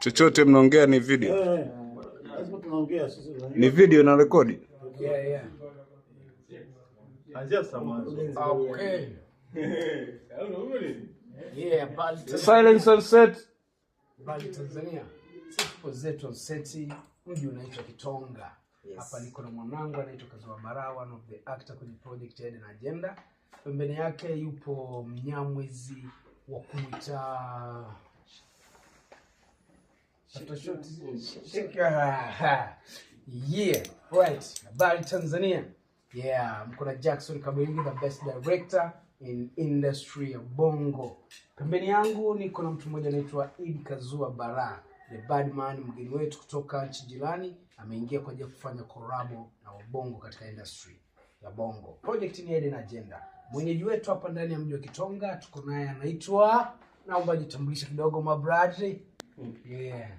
Chochote mnaongea ni video, eh, eh. ni video na rekodi. Ah, Siku zetu seti, mji unaitwa Kitonga. Hapa niko na mwanangu anaitwa Kazuba Mbarawa, one of the actor kwenye project Head na Agenda. Pembeni yake yupo Mnyamwezi wa kumwita Yeah, right. Habari Tanzania. Yeah, mko Jackson kabwingi the best director in industry ya Bongo. Pembeni yangu niko na mtu mmoja anaitwa Idi Kazua Bara, the badman, mgeni wetu kutoka nchi jirani, ameingia kwa ajili ya kufanya korabo na wabongo katika industry ya Bongo. Project ni Eden Agenda. Mwenyeji wetu hapa ndani ya mji wa Kitonga tuko naye anaitwa, naomba jitambulishe kidogo mabradi.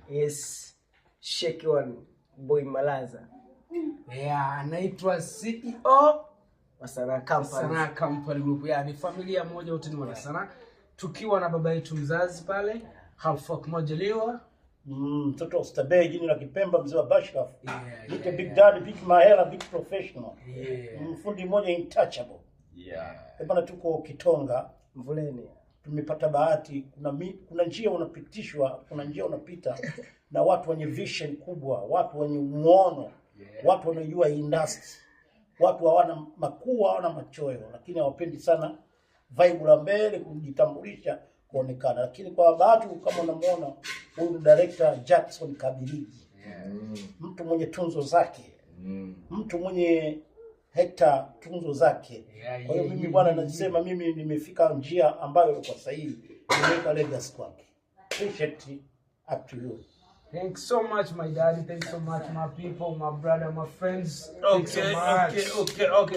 Yes. Shake one boy Malaza. Yeah, anaitwa CEO wa Sanaa Company. Sanaa Company Group. Yeah, ni familia moja wote ni wanasanaa. Yeah. Tukiwa na baba yetu mzazi pale, half Halfok Mojaliwa mm, mtoto mm, stabe jini la Kipemba, mzee wa Bashraf yeah, yeah, big daddy, big mahela, big professional yeah. mfundi mm, mmoja intouchable yeah. Ebana, tuko Kitonga Mvuleni tumepata bahati, kuna, mi, kuna njia unapitishwa, kuna njia unapita na watu wenye vision kubwa, watu wenye muono, watu wanaojua industry, watu hawana makuu, hawana machoyo, lakini hawapendi sana vibe la mbele kujitambulisha kuonekana. Lakini kwa bahati, kama unamuona huyu director Jackson Kabiligi, mm. mtu mwenye tunzo zake, mm. mtu mwenye hekta tunzo zake. Kwa hiyo mimi bwana, nasema mimi nimefika njia ambayo kwa sahihi nimeweka legacy kwake. Appreciate up to you. Thanks so much, my daddy. Thanks so much, my people, my brother, my friends. Thanks okay, so much. okay, okay, okay.